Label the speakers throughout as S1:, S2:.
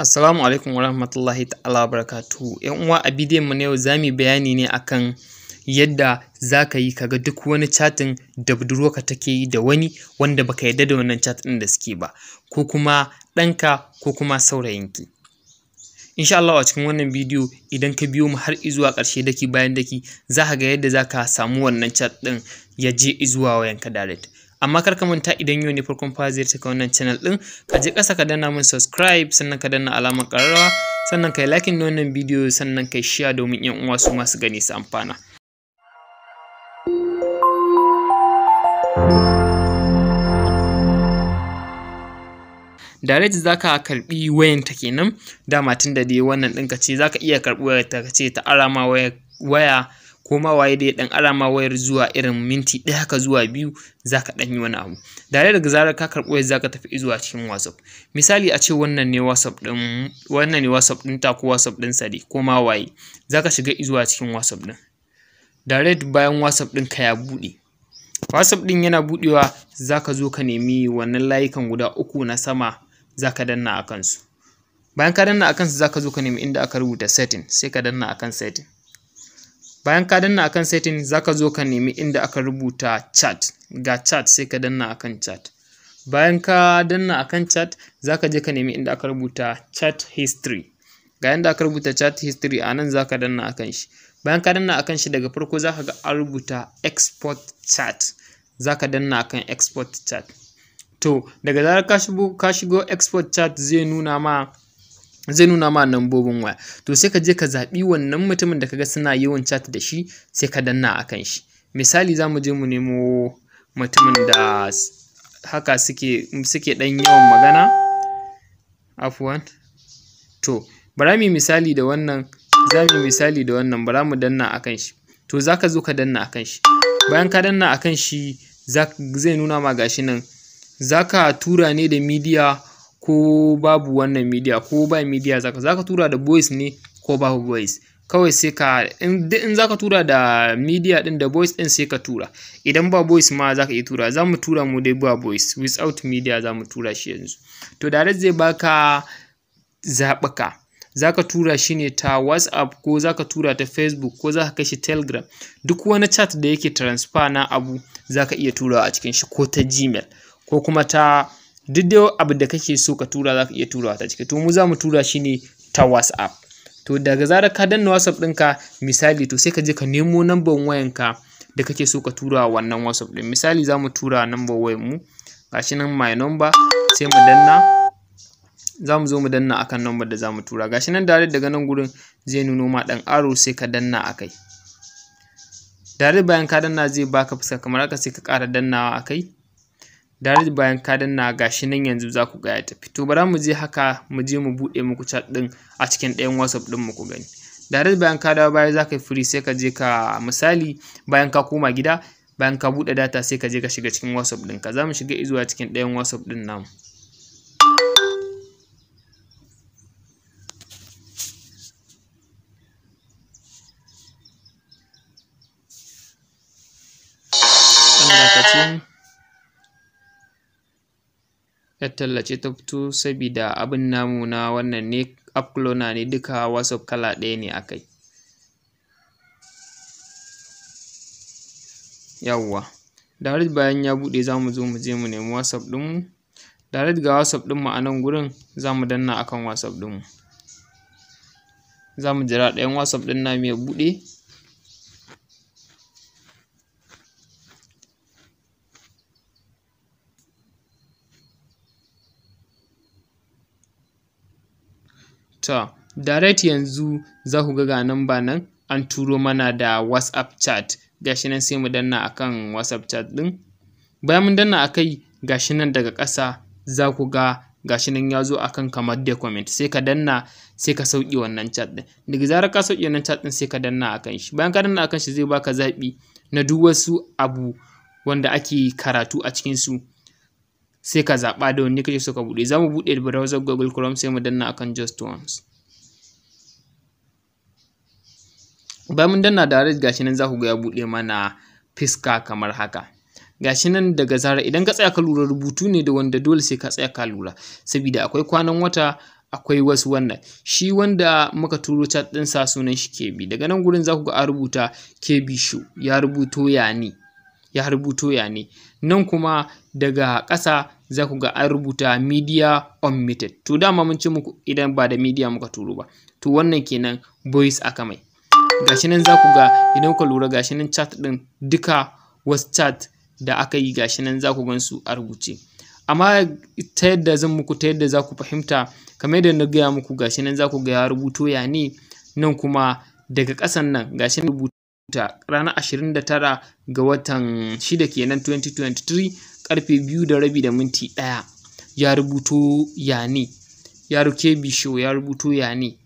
S1: Assalamu alaikum wa rahmatullahi ta'ala barakatu. ‘Yan uwa a bidiyon mu na yau za mu bayani ne akan yadda za ka yi kaga duk wani chatin da budurwarka take yi da wani wanda baka yarda da wannan chat ɗin da suke ba ko kuma ɗanka ko kuma saurayinki. Insha Allah a cikin wannan bidiyo idan ka biyo mu har izuwa ƙarshe daki bayan daki za ka ga yadda za ka samu wannan chat ɗin ya je izuwa wayanka direct. amma kar ka manta idan yau ne farkon fara ziyarta ka wannan channel din ka je ƙasa ka danna min subscribe sannan ka danna alamar ƙararrawa sannan ka yi likin wannan bidiyo sannan ka yi share domin yan uwa su masu gani su amfana direct za ka karɓi ta kenan dama tun da dai wannan ka ce za ka iya karɓi ta ka ce ta arama waya ko ma waye ya dan ara ma wayar zuwa irin minti ɗaya haka zuwa biyu zaka dan yi wani abu da daga zarar ka karɓi wayar zaka tafi zuwa cikin WhatsApp misali a ce wannan ne WhatsApp din wannan ne WhatsApp din ta ko WhatsApp din sa dai ko ma waye zaka shiga zuwa cikin WhatsApp din direct bayan WhatsApp din ka ya buɗe WhatsApp din yana buɗewa zaka zo ka nemi wannan layukan guda uku na sama zaka danna a kansu bayan ka danna a kansu zaka zo ka nemi inda aka rubuta setting sai ka danna akan setting bayan ka danna akan setting zaka zo ka nemi inda aka rubuta chat ga chat sai ka danna akan chat bayan ka danna akan chat zaka je ka nemi inda aka rubuta chat history ga inda aka rubuta chat history a nan zaka danna akan shi bayan ka danna akan shi daga farko zaka ga an rubuta export chat zaka danna akan export chat to daga zarar shigo ka shigo export chat zai nuna ma zai nuna ma nambobin waya to sai ka je ka zaɓi wannan mutumin da kaga suna yawan chat da shi sai ka danna a kan shi misali za mu je mu nemo mutumin da haka suke suke dan yawan magana afwan to bara mu misali da wannan za mu misali da wannan bara mu danna a kan shi to za ka zo ka danna a kan shi bayan ka danna a kan shi zai nuna ma gashi nan za ka tura ne da media ko babu wannan media ko ba media zaka zaka tura da voice ne ko babu voice kawai sai ka in in zaka tura da media din da voice din sai ka tura idan ba voice ma zaka iya tura zamu tura mu dai ba voice without media zamu tura shi yanzu to direct zai baka zaɓuka zaka tura shi ne ta WhatsApp ko zaka tura ta Facebook ko zaka kai shi Telegram duk wani chat da yake transfer na abu zaka iya turawa a cikin shi ko ta Gmail ko kuma ta duk dai abu da kake so ka tura za ka iya turawa ta ciki to mu za mu tura shi ne ta whatsapp to daga zarar ka danna whatsapp ɗinka misali to sai ka je ka nemo number wayanka da kake so ka tura wannan whatsapp ɗin misali za mu tura number wayan mu gashi nan my number sai mu danna za mu zo mu danna akan number da za mu tura gashi nan direct daga nan gurin zai nuno ma dan aro sai ka danna akai dare bayan ka danna zai baka fuska kamar haka sai ka ƙara dannawa akai direct bayan ka danna gashi nan yanzu za ku ga ya tafi to bara mu je haka mu je mu buɗe muku chat ɗin a cikin ɗayan whatsapp din mu ku gani direct bayan ka dawo baya za ka yi free sai ka je ka misali bayan ka koma gida bayan ka buɗe data sai ka je ka shiga cikin whatsapp ka. za mu shiga izuwa cikin ɗayan whatsapp din namu waƙar tallace ta fito sabida abin namu na wannan ne app ne duka wasu kala ɗaya ne a kai yawwa direct bayan ya buɗe za mu zo mu je mu nemi whatsapp ɗinmu direct ga whatsapp ɗinmu a nan gurin za mu danna akan whatsapp ɗinmu za mu jira ɗayan whatsapp ɗin namu ya buɗe To, direct yanzu za ku ga ga namba nan an turo mana da WhatsApp chat. Gashi nan sai mu danna akan WhatsApp chat din Bayan mun danna akai gashi nan daga ƙasa za ku ga gashi nan ya zo akan kamar document sai ka danna sai ka sauke wannan chat ɗin. Daga zarar ka sauke wannan chat din sai ka danna akan shi. Bayan ka danna akan shi zai baka zaɓi na duk wasu abu wanda ake karatu a cikin su. sai ka zaɓa da wani kake suka buɗe za mu buɗe browser google chrome sai mu danna akan just once bayan mun danna direct gashi nan za ku ga ya buɗe mana fiska kamar haka gashi nan daga zara idan ka tsaya ka lura rubutu ne da wanda dole sai ka tsaya ka lura saboda akwai kwanan wata akwai wasu wannan shi wanda muka turo chat din sa sunan shi KB daga nan gurin za ku ga a rubuta KB show ya rubuto ya ne ya rubuto ya ne nan kuma daga ƙasa za ku ga an rubuta media omitted to dama mun ce muku idan ba da media muka turo ba to wannan kenan voice aka mai gashi nan za ku ga idan ku lura gashi nan chat din duka wasu chat da aka yi gashi nan za ku gan su a rubuce amma ta yadda zan muku ta yadda za ku fahimta kamar yadda na gaya muku gashi nan za ku ga ya rubuto ya ne nan kuma daga kasan nan gashi rubuta ranar 29 ga watan 6 kenan 2023 karfe biyu da rabi da minti ɗaya ya rubuto Yane. ya ruke bisho ya rubuto Yane.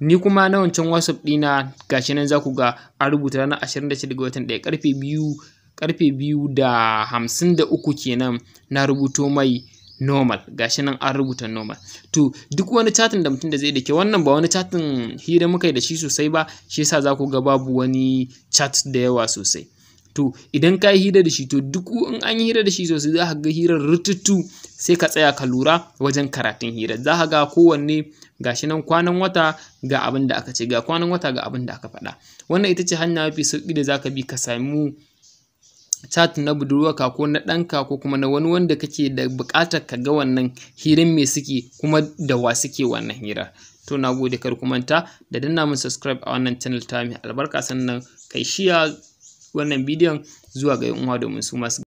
S1: Ni kuma na wancan WhatsApp ɗina gashi nan za ku ga an rubuta ranar 26 ga watan ɗaya karfe biyu karfe biyu da hamsin da uku kenan na rubuto mai normal gashi nan an rubuta normal to duk wani chatin da mutum da zai dake wannan ba wani chatin hira muka yi da shi sosai ba shi yasa za ku ga babu wani chat da yawa sosai to idan ka yi hira da shi to duk in an yi hira da shi sosai za ka ga hirar rututu sai ka tsaya ka lura wajen karatun hira. za ka ga kowanne Ga shi nan kwanan wata ga abin da aka ce ga kwanan wata ga abin da aka faɗa wannan ita ce hanya mafi sauƙi da za ka bi ka samu chat na budurwarka ko na ɗanka ko kuma na wani wanda kake da buƙatar ka ga wannan hirin me suke kuma da wa suke wannan hirar to na gode kar ku manta da danna min subscribe a wannan channel ta mai albarka sannan kai shiya wannan bidiyon zuwa ga 'yan uwa domin su masu